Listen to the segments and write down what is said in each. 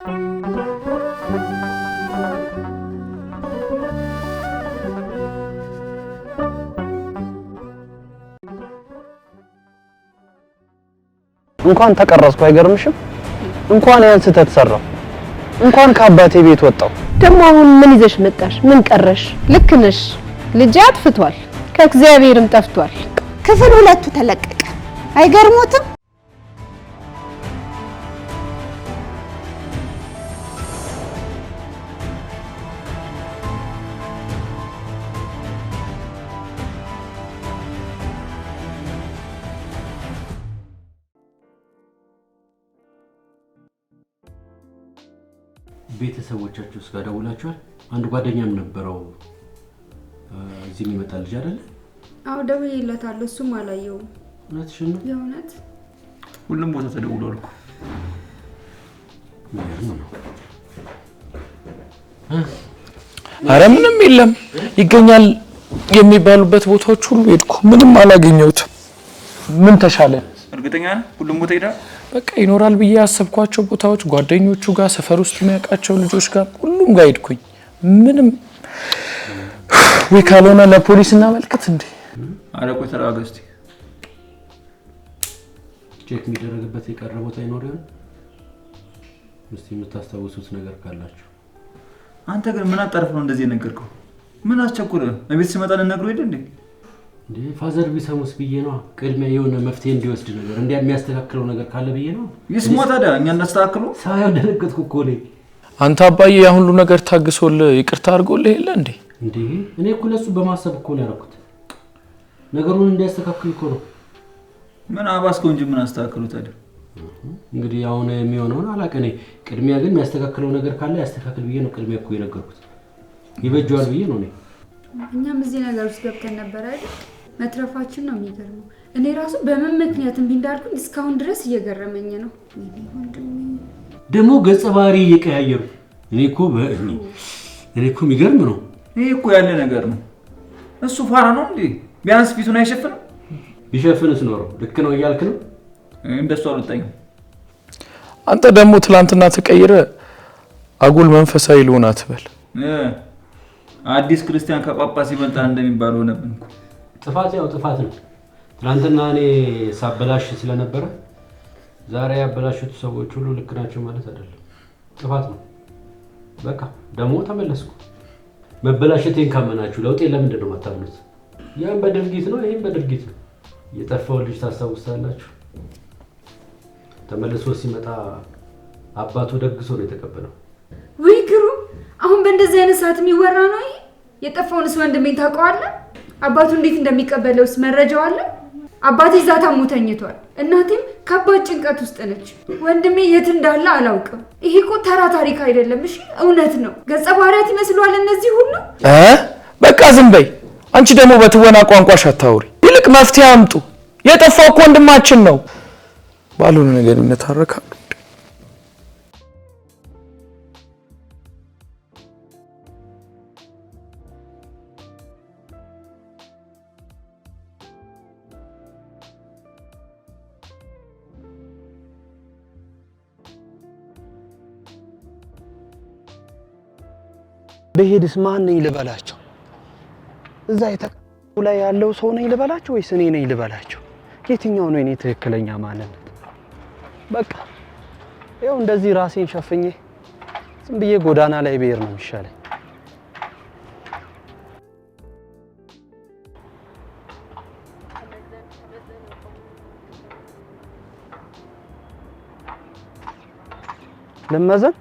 እንኳን ተቀረጽኩ አይገርምሽም? እንኳን ያን ስህተት እንኳን ከአባቴ ቤት ወጣው። ደግሞ አሁን ምን ይዘሽ መጣሽ? ምን ቀረሽ? ልክ ነሽ። ልጄ አጥፍቷል፣ ከእግዚአብሔርም ጠፍቷል። ክፍል ሁለቱ ተለቀቀ። አይገርሞትም? ቤተሰቦቻችሁ እስጋ ደውላችኋል? አንድ ጓደኛም ነበረው እዚህ የሚመጣ ልጅ አይደለ? አዎ ደውዬለታለሁ። እሱም አላየውም። እውነትሽን ነው? የእውነት ሁሉም ቦታ ተደውሏል አረ ምንም የለም። ይገኛል የሚባሉበት ቦታዎች ሁሉ ሄድኩ፣ ምንም አላገኘሁትም። ምን ተሻለ? እርግጠኛ ነህ? ሁሉም ቦታ ሄዳ በቃ ይኖራል ብዬ ያሰብኳቸው ቦታዎች ጓደኞቹ ጋር፣ ሰፈር ውስጥ የሚያውቃቸው ልጆች ጋር፣ ሁሉም ጋር ሄድኩኝ። ምንም ወይ ካልሆነ ለፖሊስ እናመልክት እንዴ? ኧረ ቆይ ተረጋጋ እስኪ። ቼክ የሚደረግበት የቀረ ቦታ ይኖር ይሆን? እስኪ የምታስታውሱት ነገር ካላችሁ። አንተ ግን ምን አጣርፍ ነው እንደዚህ የነገርከው? ምን አስቸኩረ? እቤት ስመጣ ልነግረው ሄደ እንዴ? ፋዘር ቢሰሙስ ብዬ ነው። ቅድሚያ የሆነ መፍትሄ እንዲወስድ ነገር እንዲ የሚያስተካክለው ነገር ካለ ብዬ ነው። ይስማ ታዲያ እኛ እናስተካክሉ። ሳየው ደነገጥኩ እኮ እኔ። አንተ አባዬ ያ ሁሉ ነገር ታግሶል ይቅርታ አድርጎልህ የለ እንዴ? እንዴ እኔ እኮ ለሱ በማሰብ እኮ ነው ያደረኩት። ነገሩን እንዲያስተካክል እኮ ነው። ምን አባስከው እንጂ ምን አስተካክሉ ታዲያ። እንግዲህ አሁን የሚሆነውን አላውቅም እኔ። ቅድሚያ ግን የሚያስተካክለው ነገር ካለ ያስተካክል ብዬ ነው። ቅድሚያ እኮ የነገርኩት ይበጃዋል ብዬ ነው እኔ። እኛም እዚህ ነገር ውስጥ ገብተን ነበር አይደል መትረፋችን ነው የሚገርመው። እኔ ራሱ በምን ምክንያት እምቢ እንዳልኩኝ እስካሁን ድረስ እየገረመኝ ነው። ደግሞ ገጸ ባህሪ እየቀያየሩ እኔ እኮ እኔ እኮ የሚገርም ነው። ይህ እኮ ያለ ነገር ነው። እሱ ፋራ ነው እንዴ? ቢያንስ ፊቱን አይሸፍንም? ቢሸፍንስ ኖሮ ልክ ነው እያልክ ነው። እንደሱ አልወጣኝም። አንተ ደግሞ ትላንትና ተቀይረ አጉል መንፈሳዊ ልሆን አትበል። አዲስ ክርስቲያን ከጳጳስ ይበልጣል እንደሚባል ሆነብን እኮ ጥፋት ያው ጥፋት ነው። ትናንትና እኔ ሳበላሽ ስለነበረ ዛሬ ያበላሹት ሰዎች ሁሉ ልክ ናቸው ማለት አይደለም። ጥፋት ነው። በቃ ደግሞ ተመለስኩ። መበላሸቴን ካመናችሁ ለውጤን ለምንድን ነው የማታምኑት? ያም በድርጊት ነው፣ ይህም በድርጊት ነው። የጠፋውን ልጅ ታስታውሳላችሁ? ተመልሶ ሲመጣ አባቱ ደግሶ ነው የተቀበለው። ውይ ግሩም! አሁን በእንደዚህ አይነት ሰዓት የሚወራ ነው ይሄ። የጠፋውንስ ወንድሜን ታውቀዋለህ? አባቱ እንዴት እንደሚቀበለውስ መረጃው አለ። አባቴ እዛ ታሞ ተኝቷል። እናቴም ከባድ ጭንቀት ውስጥ ነች። ወንድሜ የት እንዳለ አላውቅም። ይሄ እኮ ተራ ታሪክ አይደለም። እሺ እውነት ነው። ገጸ ባህሪያት ይመስሏል እነዚህ ሁሉ። በቃ ዝም በይ አንቺ። ደግሞ በትወና ቋንቋሽ አታውሪ። ይልቅ መፍትሄ አምጡ። የጠፋው እኮ ወንድማችን ነው። ባልሆነ ነገር ይነታረካሉ። በሄድስ ማን ነኝ ልበላቸው? እዛ የተቀመጡ ላይ ያለው ሰው ነኝ ልበላቸው ወይስ እኔ ነኝ ልበላቸው? የትኛው ነው እኔ ትክክለኛ ማንነት? በቃ ይኸው እንደዚህ ራሴን ሸፍኜ ዝም ብዬ ጎዳና ላይ ብሄር ነው የሚሻለኝ። ለመዘን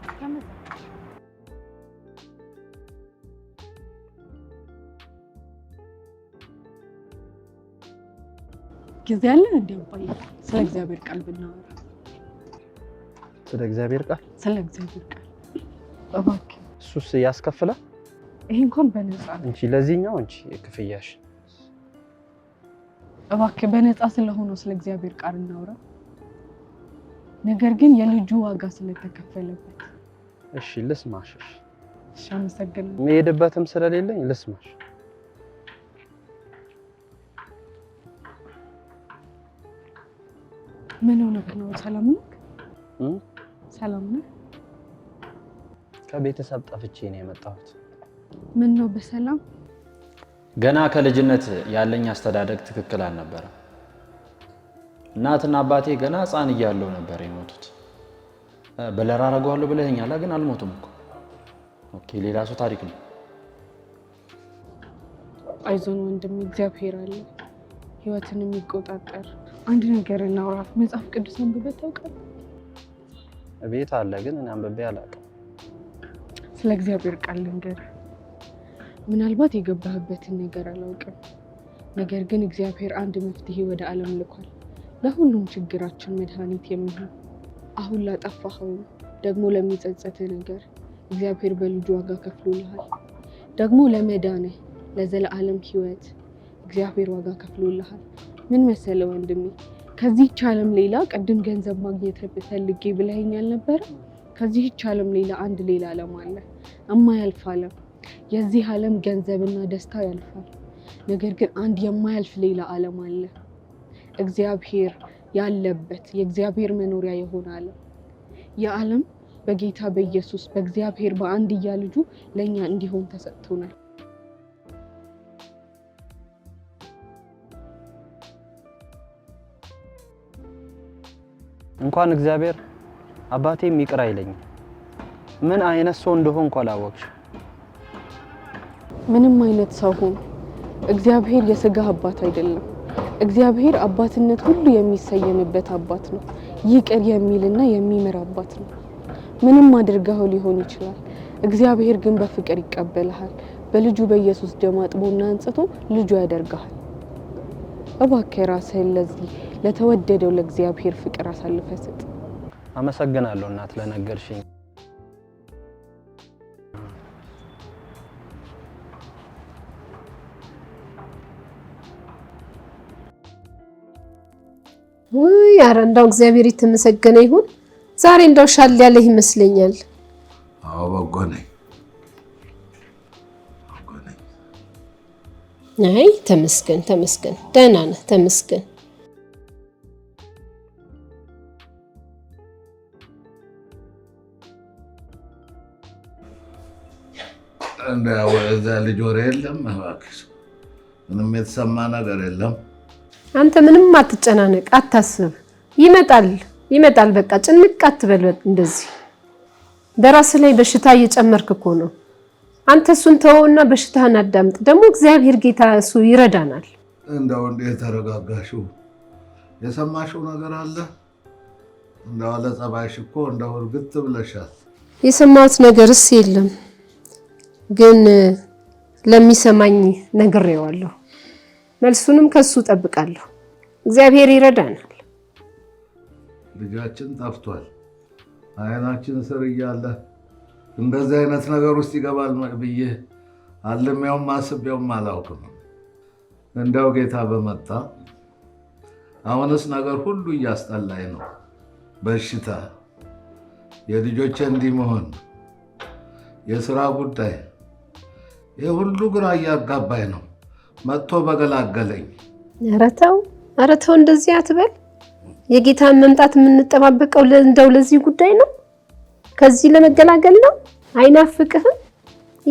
ጊዜ አለ እንዴ? አባዬ ስለ እግዚአብሔር ቃል ብናወራ። ስለ እግዚአብሔር ቃል ስለ እግዚአብሔር ቃል እባክህ። እሱስ ያስከፍላል። ይሄ እንኳን በነፃ እንጂ ለዚህኛው እንጂ ክፍያሽ። እባክህ በነፃ ስለሆነ ስለ እግዚአብሔር ቃል እናውራ። ነገር ግን የልጁ ዋጋ ስለተከፈለበት። እሺ ልስማሽ። እሺ አመሰግናለሁ። መሄድበትም ስለሌለኝ ልስማሽ ምን ሆነህ ነው? ሰላም ነህ? ሰላም ነህ? ከቤተሰብ ጠፍቼ ነው የመጣሁት። ምን ነው? በሰላም ገና ከልጅነት ያለኝ አስተዳደግ ትክክል አልነበረም። እናትና አባቴ ገና ሕፃን እያለሁ ነበር የሞቱት። በለራ አደርገዋለሁ ብለኸኛል፣ ግን አልሞቱም እኮ። ኦኬ፣ ሌላ ሰው ታሪክ ነው። አይዞን ወንድም፣ እግዚአብሔር አለ ህይወትን የሚቆጣጠር አንድ ነገር እናውራ። መጽሐፍ ቅዱስ አንብበህ ታውቃለህ? ቤት አለ ግን እኔ አንብቤ አላውቅም። ስለ እግዚአብሔር ቃል ልንገር፣ ምናልባት የገባህበትን ነገር አላውቅም፣ ነገር ግን እግዚአብሔር አንድ መፍትሄ ወደ ዓለም ልኳል፣ ለሁሉም ችግራችን መድኃኒት የሚሆን አሁን ላጠፋኸው ደግሞ ለሚጸጸት ነገር እግዚአብሔር በልጁ ዋጋ ከፍሎልሃል። ደግሞ ለመዳንህ ለዘለዓለም ህይወት እግዚአብሔር ዋጋ ከፍሎልሃል። ምን መሰለ ወንድሜ፣ ከዚህች ዓለም ሌላ ቅድም ገንዘብ ማግኘት ብፈልጌ ብለኸኝ አልነበረ? ከዚህች ዓለም ሌላ አንድ ሌላ ዓለም አለ፣ የማያልፍ ዓለም። የዚህ ዓለም ገንዘብና ደስታ ያልፋል። ነገር ግን አንድ የማያልፍ ሌላ ዓለም አለ፣ እግዚአብሔር ያለበት የእግዚአብሔር መኖሪያ የሆነ ዓለም። ያ ዓለም በጌታ በኢየሱስ በእግዚአብሔር በአንድያ ልጁ ለእኛ እንዲሆን ተሰጥቶናል። እንኳን እግዚአብሔር አባቴም ይቅር አይለኝም። ምን አይነት ሰው እንደሆንኩ አላወቅሽ። ምንም አይነት ሰው ሆን እግዚአብሔር የስጋ አባት አይደለም። እግዚአብሔር አባትነት ሁሉ የሚሰየምበት አባት ነው። ይቅር የሚልና የሚምር አባት ነው። ምንም አድርገው ሊሆን ይችላል። እግዚአብሔር ግን በፍቅር ይቀበልሃል። በልጁ በኢየሱስ ደም አጥቦና አንጽቶ ልጁ ያደርግሃል። እባክህ ራስህን ለዚህ ለተወደደው ለእግዚአብሔር ፍቅር አሳልፈ ስጥ። አመሰግናለሁ እናት ለነገርሽኝ። ውይ ኧረ እንዳው እግዚአብሔር የተመሰገነ ይሁን። ዛሬ እንዳው ሻል ያለህ ይመስለኛል። አዎ በጎ ነኝ። አይ ተመስገን ተመስገን፣ ደህና ነህ ተመስገን። እዛ ልጅ ወሬ የለም እባክሽ፣ ምንም የተሰማ ነገር የለም። አንተ ምንም አትጨናነቅ፣ አታስብ። ይመጣል ይመጣል፣ በቃ ጭንቅ አትበል። እንደዚህ በራስ ላይ በሽታ እየጨመርክ እኮ ነው አንተ እሱን ተወውና በሽታህን አዳምጥ። ደግሞ እግዚአብሔር ጌታ እሱ ይረዳናል። እንደው እንዴት ተረጋጋሽው? የሰማሽው ነገር አለ? እንደው ለጸባይሽ እኮ እንደው እርግጥ ብለሻል። የሰማሁት ነገርስ የለም፣ ግን ለሚሰማኝ ነግሬዋለሁ። መልሱንም ከሱ ጠብቃለሁ። እግዚአብሔር ይረዳናል። ልጃችን ጠፍቷል አይናችን ስር እያለ እንደዚህ አይነት ነገር ውስጥ ይገባል ብዬ አልሜውም አስቤውም አላውቅም። እንዲያው ጌታ በመጣ አሁንስ ነገር ሁሉ እያስጠላኝ ነው። በሽታ፣ የልጆች እንዲህ መሆን፣ የስራ ጉዳይ፣ ይህ ሁሉ ግራ እያጋባኝ ነው። መጥቶ በገላገለኝ። ኧረ ተው፣ ኧረ ተው፣ እንደዚህ አትበል። የጌታን መምጣት የምንጠባበቀው እንደው ለዚህ ጉዳይ ነው። ከዚህ ለመገላገል ነው። አይናፍቅህም?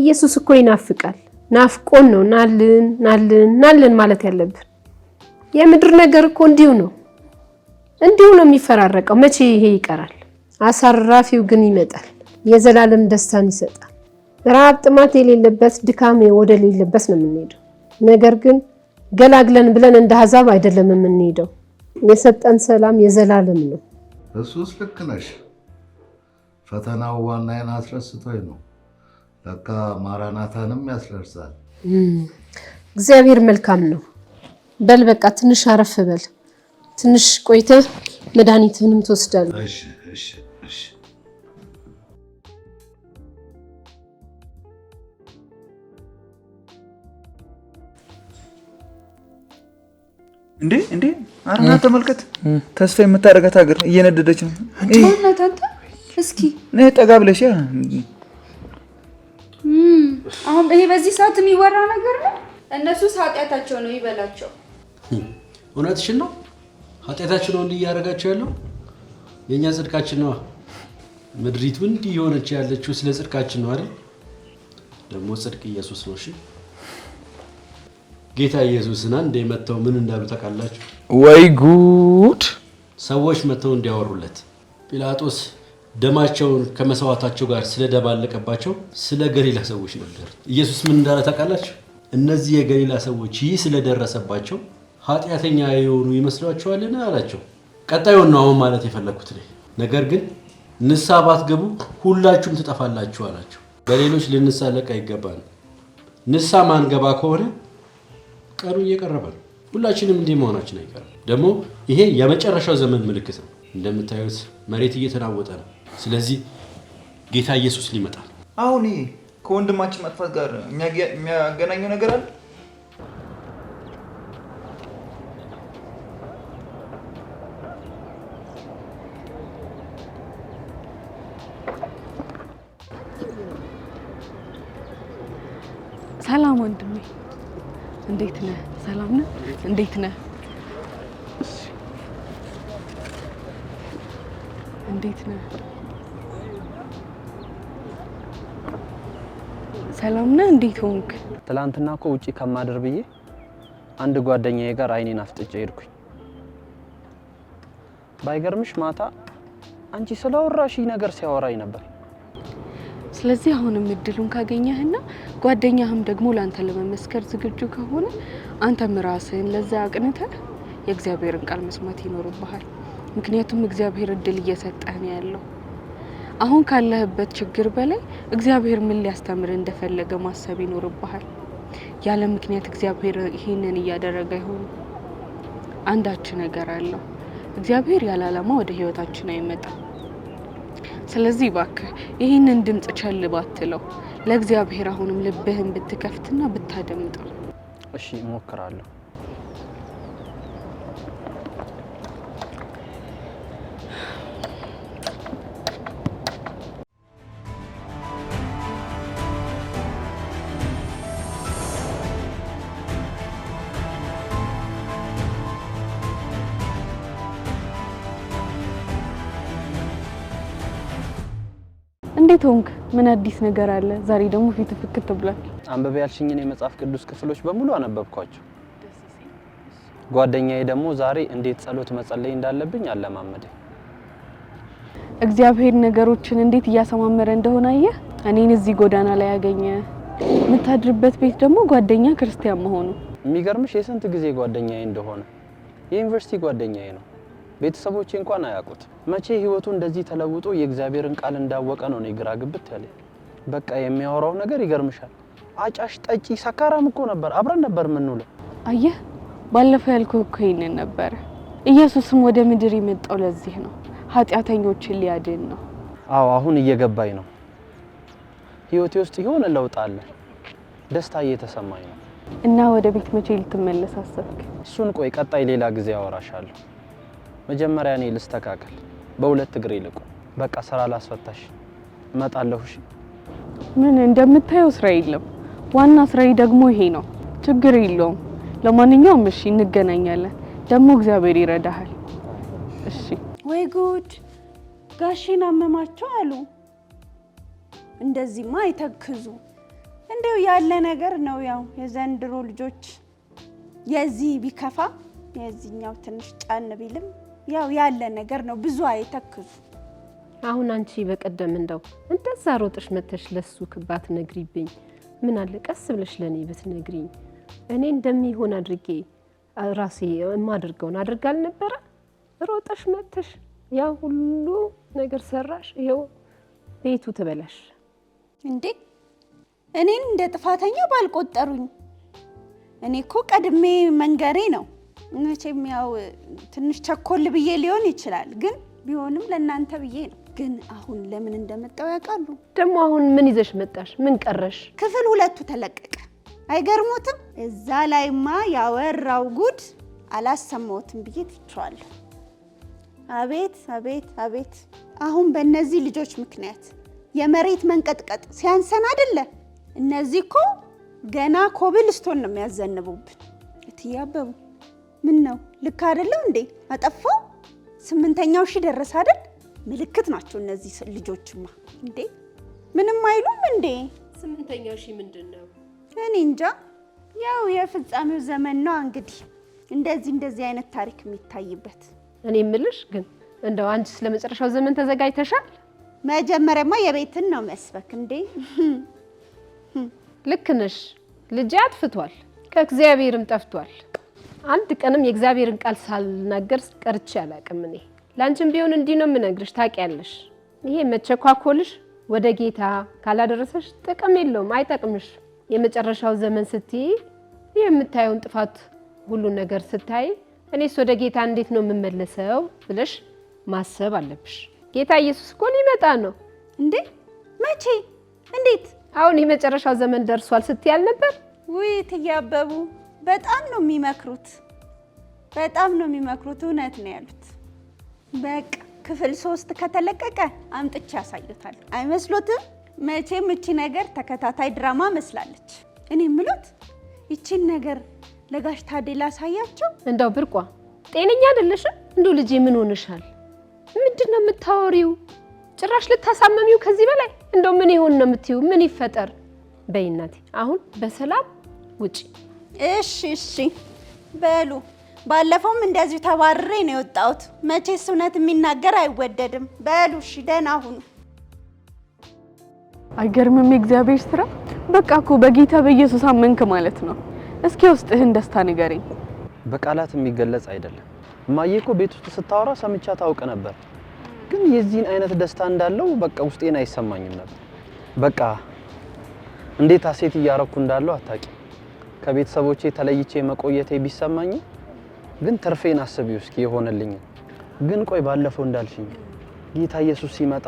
ኢየሱስ እኮ ይናፍቃል። ናፍቆን ነው ናልን ናልን ናልን ማለት ያለብን። የምድር ነገር እኮ እንዲሁ ነው እንዲሁ ነው የሚፈራረቀው። መቼ ይሄ ይቀራል? አሳራፊው ግን ይመጣል። የዘላለም ደስታን ይሰጣል። ረሃብ፣ ጥማት የሌለበት ድካም ወደ ሌለበት ነው የምንሄደው። ነገር ግን ገላግለን ብለን እንደ አሕዛብ አይደለም የምንሄደው። የሰጠን ሰላም የዘላለም ነው። እሱስ ልክ ነሽ። ፈተናው ዋናዬን አስረስቶኝ ነው። ለካ ማራናታንም ያስደርሳል። እግዚአብሔር መልካም ነው። በል በቃ ትንሽ አረፍ በል። ትንሽ ቆይተ መድኃኒትህንም ትወስዳለህ። እሺ እሺ እሺ እንዴ እንዴ፣ አረና ተመልከት፣ ተስፋ የምታደርጋት ሀገር እየነደደች ነው። እስኪ ጠጋ ብለሽ አሁን ይሄ በዚህ ሰዓት የሚወራ ነገር ነው። እነሱ ኃጢአታቸው ነው ይበላቸው። እውነትሽን ነው። ኃጢአታችን ነው እንዲህ እያደረጋቸው ያለው የእኛ ጽድቃችን ነው። ምድሪቱ እንዲህ የሆነች ያለችው ስለ ጽድቃችን ነው አይደል? ደግሞ ጽድቅ ኢየሱስ ነው። እሺ ጌታ ኢየሱስን አንዴ መተው ምን እንዳሉ ታውቃላችሁ ወይ? ጉድ ሰዎች መተው እንዲያወሩለት ጲላጦስ ደማቸውን ከመሰዋታቸው ጋር ስለደባለቀባቸው ስለ ገሊላ ሰዎች ነበር። ኢየሱስ ምን እንዳለ ታውቃላችሁ? እነዚህ የገሊላ ሰዎች ይህ ስለደረሰባቸው ኃጢአተኛ የሆኑ ይመስሏቸዋልን አላቸው። ቀጣዩን ነው አሁን ማለት የፈለግኩት ላይ ነገር ግን ንስሐ ባትገቡ ሁላችሁም ትጠፋላችሁ አላቸው። በሌሎች ልንሳለቅ አይገባን። ንስሐ ማንገባ ከሆነ ቀኑ እየቀረበ ነው። ሁላችንም እንዲህ መሆናችን አይቀርም። ደግሞ ይሄ የመጨረሻው ዘመን ምልክት ነው። እንደምታዩት መሬት እየተናወጠ ነው። ስለዚህ ጌታ ኢየሱስ ሊመጣ አሁን ይሄ ከወንድማችን መጥፋት ጋር የሚያገናኘው ነገር አለ? ሰላም ወንድሜ፣ እንዴት ነህ? ሰላም ነህ? እንዴት ነህ? ሰላም ነህ? እንዴት ሆንክ? ትላንትና እኮ ውጪ ከማደር ብዬ አንድ ጓደኛዬ ጋር አይኔን አፍጥጬ ሄድኩኝ። ባይገርምሽ ማታ አንቺ ስለወራሽ ነገር ሲያወራኝ ነበር። ስለዚህ አሁንም እድሉን ካገኘህና ጓደኛህም ደግሞ ለአንተ ለመመስከር ዝግጁ ከሆነ አንተም ራስህን ለዛ አቅንተህ የእግዚአብሔርን ቃል መስማት ይኖርብሃል። ምክንያቱም እግዚአብሔር እድል እየሰጠህ ነው ያለው። አሁን ካለህበት ችግር በላይ እግዚአብሔር ምን ሊያስተምር እንደፈለገ ማሰብ ይኖርብሃል። ያለ ምክንያት እግዚአብሔር ይህንን እያደረገ አይሆንም። አንዳች ነገር አለው። እግዚአብሔር ያለ ዓላማ ወደ ህይወታችን አይመጣም። ስለዚህ እባክህ ይህንን ድምፅ ቸል ባትለው፣ ለእግዚአብሔር አሁንም ልብህን ብትከፍትና ብታደምጠው። እሺ እሞክራለሁ። እንዴት ሆንክ? ምን አዲስ ነገር አለ? ዛሬ ደግሞ ፊት ፍክት ብሏል። አንብቤ ያልሽኝን የመጽሐፍ ቅዱስ ክፍሎች በሙሉ አነበብኳቸው። ጓደኛዬ ደግሞ ዛሬ እንዴት ጸሎት መጸለይ እንዳለብኝ አለማመደ። እግዚአብሔር ነገሮችን እንዴት እያሰማመረ እንደሆነ አየህ። እኔን እዚህ ጎዳና ላይ ያገኘ የምታድርበት ቤት ደግሞ ጓደኛ ክርስቲያን መሆኑ የሚገርምሽ፣ የስንት ጊዜ ጓደኛዬ እንደሆነ የዩኒቨርሲቲ ጓደኛዬ ነው። ቤተሰቦቼ እንኳን አያውቁት። መቼ ህይወቱ እንደዚህ ተለውጦ የእግዚአብሔርን ቃል እንዳወቀ ነው እኔ ግራ ግብት ያለ። በቃ የሚያወራው ነገር ይገርምሻል። አጫሽ፣ ጠጪ፣ ሰካራም እኮ ነበር። አብረን ነበር የምንውለው። አየህ፣ ባለፈው ያልኩህ እኮ ይህንን ነበር። ኢየሱስም ወደ ምድር የመጣው ለዚህ ነው፣ ኃጢአተኞችን ሊያድን ነው። አዎ፣ አሁን እየገባኝ ነው። ህይወቴ ውስጥ ይሆን ለውጥ አለ። ደስታ እየተሰማኝ ነው። እና ወደ ቤት መቼ ልትመለስ አሰብክ? እሱን ቆይ፣ ቀጣይ ሌላ ጊዜ አወራሻለሁ። መጀመሪያ እኔ ልስተካከል፣ በሁለት እግሬ ልቁ በቃ ስራ ላስፈታሽ እመጣለሁሽ። ምን እንደምታየው ስራ የለም። ዋና ስራዬ ደግሞ ይሄ ነው። ችግር የለውም። ለማንኛውም እሺ እንገናኛለን። ደግሞ እግዚአብሔር ይረዳሃል። እሺ። ወይ ጉድ! ጋሼን አመማቸው አሉ። እንደዚህማ አይተክዙ። እንደው ያለ ነገር ነው። ያው የዘንድሮ ልጆች የዚህ ቢከፋ የዚህኛው ትንሽ ጫን ቢልም ያው ያለ ነገር ነው። ብዙ አይተክዙ። አሁን አንቺ በቀደም እንደው እንደዛ ሮጥሽ መተሽ ለሱ ክባት ነግሪብኝ፣ ምን አለ ቀስ ብለሽ ለእኔ ብትነግሪኝ እኔ እንደሚሆን አድርጌ ራሴ የማደርገውን አድርጋል ነበረ። ሮጠሽ መተሽ ያ ሁሉ ነገር ሰራሽ፣ ይኸው ቤቱ ተበላሽ። እንዴ እኔን እንደ ጥፋተኛ ባልቆጠሩኝ። እኔ እኮ ቀድሜ መንገሬ ነው መቼም ያው ትንሽ ቸኮል ብዬ ሊሆን ይችላል፣ ግን ቢሆንም ለእናንተ ብዬ ነው። ግን አሁን ለምን እንደመጣው ያውቃሉ። ደግሞ አሁን ምን ይዘሽ መጣሽ? ምን ቀረሽ? ክፍል ሁለቱ ተለቀቀ። አይገርሞትም? እዛ ላይማ ያወራው ጉድ አላሰማሁትም ብዬ ትቼዋለሁ። አቤት አቤት አቤት! አሁን በእነዚህ ልጆች ምክንያት የመሬት መንቀጥቀጥ ሲያንሰን አይደለ? እነዚህ እኮ ገና ኮብልስቶን ነው የሚያዘንቡብን እትዬ አበቡ ምን ነው ልክ አይደለው እንዴ? አጠፋው። ስምንተኛው ሺ ደረሰ አይደል? ምልክት ናቸው እነዚህ ልጆችማ። እንዴ ምንም አይሉም እንዴ? ስምንተኛው ሺ ምንድን ነው? እኔ እንጃ። ያው የፍጻሜው ዘመን ነው እንግዲህ እንደዚህ እንደዚህ አይነት ታሪክ የሚታይበት። እኔ የምልሽ ግን እንደው አንቺ ስለመጨረሻው ዘመን ተዘጋጅተሻል? መጀመሪያማ የቤትን ነው መስበክ እንዴ። ልክ ነሽ። ልጄ አጥፍቷል፣ ከእግዚአብሔርም ጠፍቷል። አንድ ቀንም የእግዚአብሔርን ቃል ሳልናገር ቀርቼ አላቅም። እኔ ለአንቺም ቢሆን እንዲህ ነው የምነግርሽ፣ ታውቂያለሽ። ይሄ መቸኳኮልሽ ወደ ጌታ ካላደረሰሽ ጥቅም የለውም፣ አይጠቅምሽ። የመጨረሻው ዘመን ስትይ የምታየውን ጥፋት ሁሉን ነገር ስታይ እኔስ ወደ ጌታ እንዴት ነው የምመለሰው ብለሽ ማሰብ አለብሽ። ጌታ ኢየሱስ እኮ ሊመጣ ነው እንዴ? መቼ? እንዴት? አሁን የመጨረሻው ዘመን ደርሷል ስትይ አልነበር? ውይ ትያበቡ በጣም ነው የሚመክሩት፣ በጣም ነው የሚመክሩት። እውነት ነው ያሉት። በቃ ክፍል ሶስት ከተለቀቀ አምጥቼ ያሳዩታል። አይመስሎትም? መቼም እቺ ነገር ተከታታይ ድራማ መስላለች። እኔ ምሎት ይቺን ነገር ለጋሽ ታዴ ላሳያቸው። እንደው ብርቋ ጤነኛ አይደለሽም? እንዶ ልጄ ምን ሆንሻል? ምንድን ነው የምታወሪው? ጭራሽ ልታሳመሚው ከዚህ በላይ እንደው ምን ይሆን ነው የምትይው? ምን ይፈጠር? በይ እናቴ አሁን በሰላም ውጪ። እሺ እሺ በሉ። ባለፈውም እንደዚሁ ተባርሬ ነው የወጣሁት። መቼስ እውነት የሚናገር አይወደድም። በሉ እሺ፣ ደህና ሁኑ። አይገርምም የእግዚአብሔር ስራ። በቃ እኮ በጌታ በኢየሱስ አመንክ ማለት ነው። እስኪ ውስጥህን ደስታ ንገረኝ። በቃላት የሚገለጽ አይደለም። እማዬ እኮ ቤት ውስጥ ስታወራ ሰምቻ ታውቅ ነበር፣ ግን የዚህን አይነት ደስታ እንዳለው በቃ ውስጤን አይሰማኝም ነበር። በቃ እንዴት ሀሴት እያረኩ እንዳለው አታውቂም። ከቤተሰቦቼ ተለይቼ መቆየቴ ቢሰማኝ ግን ትርፌን አስቢው እስኪ የሆነልኝ ግን ቆይ ባለፈው እንዳልሽኝ ጌታ ኢየሱስ ሲመጣ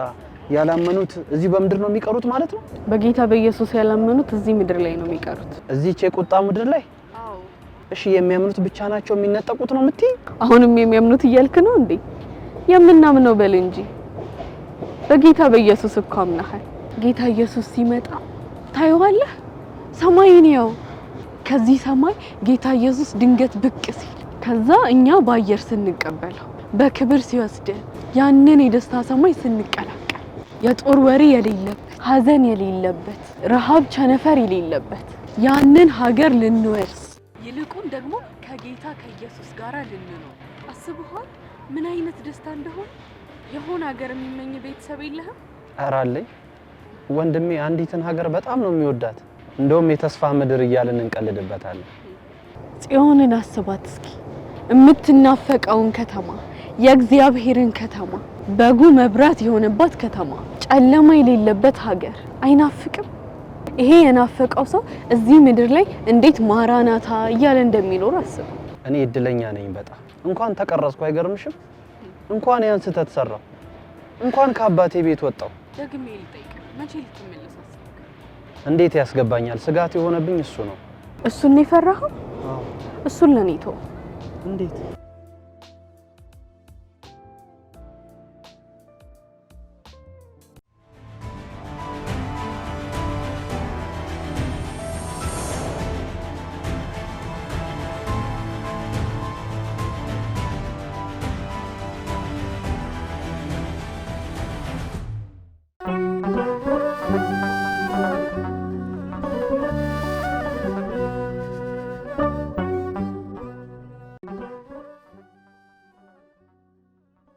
ያላመኑት እዚህ በምድር ነው የሚቀሩት ማለት ነው። በጌታ በኢየሱስ ያላመኑት እዚህ ምድር ላይ ነው የሚቀሩት። እዚች የቁጣ ምድር ላይ እሺ፣ የሚያምኑት ብቻ ናቸው የሚነጠቁት ነው የምትይኝ? አሁንም የሚያምኑት እያልክ ነው እንዴ? የምናምነው በል እንጂ በጌታ በኢየሱስ እኮ አምናሃል። ጌታ ኢየሱስ ሲመጣ ታየዋለህ፣ ሰማይን ያው ከዚህ ሰማይ ጌታ ኢየሱስ ድንገት ብቅ ሲል ከዛ እኛ በአየር ስንቀበለው በክብር ሲወስድን ያንን የደስታ ሰማይ ስንቀላቀል የጦር ወሬ የሌለበት ሐዘን የሌለበት ረሃብ፣ ቸነፈር የሌለበት ያንን ሀገር ልንወርስ ይልቁን ደግሞ ከጌታ ከኢየሱስ ጋር ልንኖር አስበኋል። ምን አይነት ደስታ እንደሆነ የሆነ ሀገር የሚመኝ ቤተሰብ የለህም? ኧረ ወንድሜ። አንዲትን ሀገር በጣም ነው የሚወዳት እንደውም የተስፋ ምድር እያልን እንቀልድበታለን። ጽዮንን አስባት እስኪ የምትናፈቀውን ከተማ የእግዚአብሔርን ከተማ በጉ መብራት የሆነባት ከተማ ጨለማ የሌለበት ሀገር አይናፍቅም? ይሄ የናፈቀው ሰው እዚህ ምድር ላይ እንዴት ማራናታ እያለ እንደሚኖር አስብ። እኔ እድለኛ ነኝ በጣም እንኳን ተቀረጽኩ። አይገርምሽም? እንኳን ያን ስህተት እንኳን ከአባቴ ቤት ወጣው። ደግሜ ልጠይቅ መቼ ልትመለስ እንዴት ያስገባኛል? ስጋት የሆነብኝ እሱ ነው። እሱን ነው የፈራኸው? እሱን ለኔቶ እንዴት